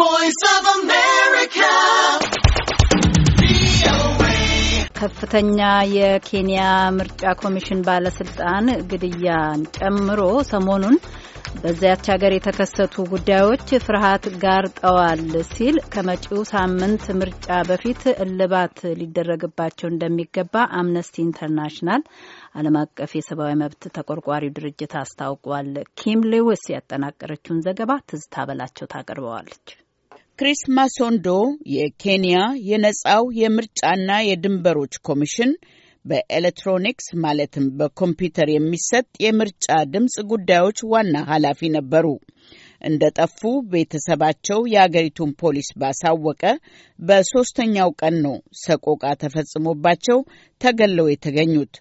voice of America. ከፍተኛ የኬንያ ምርጫ ኮሚሽን ባለስልጣን ግድያን ጨምሮ ሰሞኑን በዚያች ሀገር የተከሰቱ ጉዳዮች ፍርሃት ጋርጠዋል ሲል ከመጪው ሳምንት ምርጫ በፊት እልባት ሊደረግባቸው እንደሚገባ አምነስቲ ኢንተርናሽናል ዓለም አቀፍ የሰብአዊ መብት ተቆርቋሪው ድርጅት አስታውቋል። ኪም ሌዊስ ያጠናቀረችውን ዘገባ ትዝታ በላቸው ታቀርበዋለች። ክሪስ ማሶንዶ የኬንያ የነፃው የምርጫና የድንበሮች ኮሚሽን በኤሌክትሮኒክስ ማለትም በኮምፒውተር የሚሰጥ የምርጫ ድምፅ ጉዳዮች ዋና ኃላፊ ነበሩ። እንደጠፉ ቤተሰባቸው የአገሪቱን ፖሊስ ባሳወቀ በሶስተኛው ቀን ነው ሰቆቃ ተፈጽሞባቸው ተገለው የተገኙት።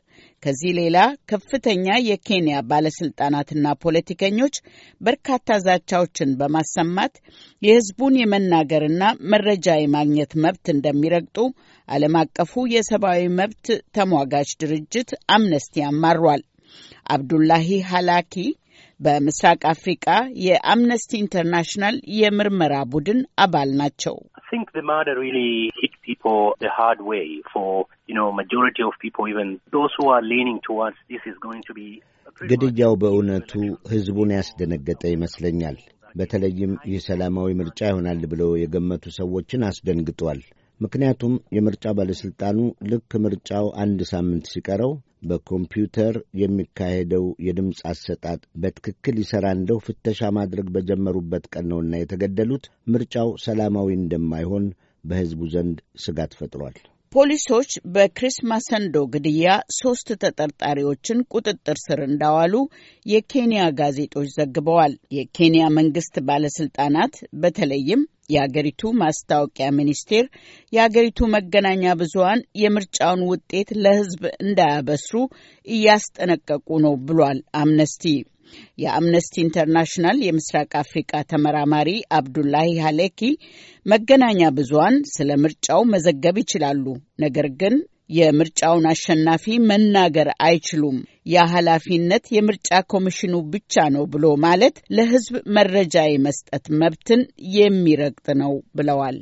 ከዚህ ሌላ ከፍተኛ የኬንያ ባለስልጣናትና ፖለቲከኞች በርካታ ዛቻዎችን በማሰማት የሕዝቡን የመናገርና መረጃ የማግኘት መብት እንደሚረግጡ ዓለም አቀፉ የሰብአዊ መብት ተሟጋች ድርጅት አምነስቲ አማሯል። አብዱላሂ ሀላኪ በምስራቅ አፍሪቃ የአምነስቲ ኢንተርናሽናል የምርመራ ቡድን አባል ናቸው። ግድያው በእውነቱ ሕዝቡን ያስደነገጠ ይመስለኛል። በተለይም ይህ ሰላማዊ ምርጫ ይሆናል ብለው የገመቱ ሰዎችን አስደንግጧል። ምክንያቱም የምርጫ ባለሥልጣኑ ልክ ምርጫው አንድ ሳምንት ሲቀረው በኮምፒውተር የሚካሄደው የድምፅ አሰጣጥ በትክክል ይሠራ እንደው ፍተሻ ማድረግ በጀመሩበት ቀን ነውና የተገደሉት። ምርጫው ሰላማዊ እንደማይሆን በሕዝቡ ዘንድ ስጋት ፈጥሯል። ፖሊሶች በክሪስማስ ሰንዶ ግድያ ሦስት ተጠርጣሪዎችን ቁጥጥር ስር እንዳዋሉ የኬንያ ጋዜጦች ዘግበዋል። የኬንያ መንግሥት ባለሥልጣናት በተለይም የአገሪቱ ማስታወቂያ ሚኒስቴር የአገሪቱ መገናኛ ብዙሀን የምርጫውን ውጤት ለህዝብ እንዳያበስሩ እያስጠነቀቁ ነው ብሏል አምነስቲ። የአምነስቲ ኢንተርናሽናል የምስራቅ አፍሪቃ ተመራማሪ አብዱላሂ ሀሌኪ መገናኛ ብዙሀን ስለ ምርጫው መዘገብ ይችላሉ፣ ነገር ግን የምርጫውን አሸናፊ መናገር አይችሉም። ያ ኃላፊነት የምርጫ ኮሚሽኑ ብቻ ነው ብሎ ማለት ለሕዝብ መረጃ የመስጠት መብትን የሚረግጥ ነው ብለዋል።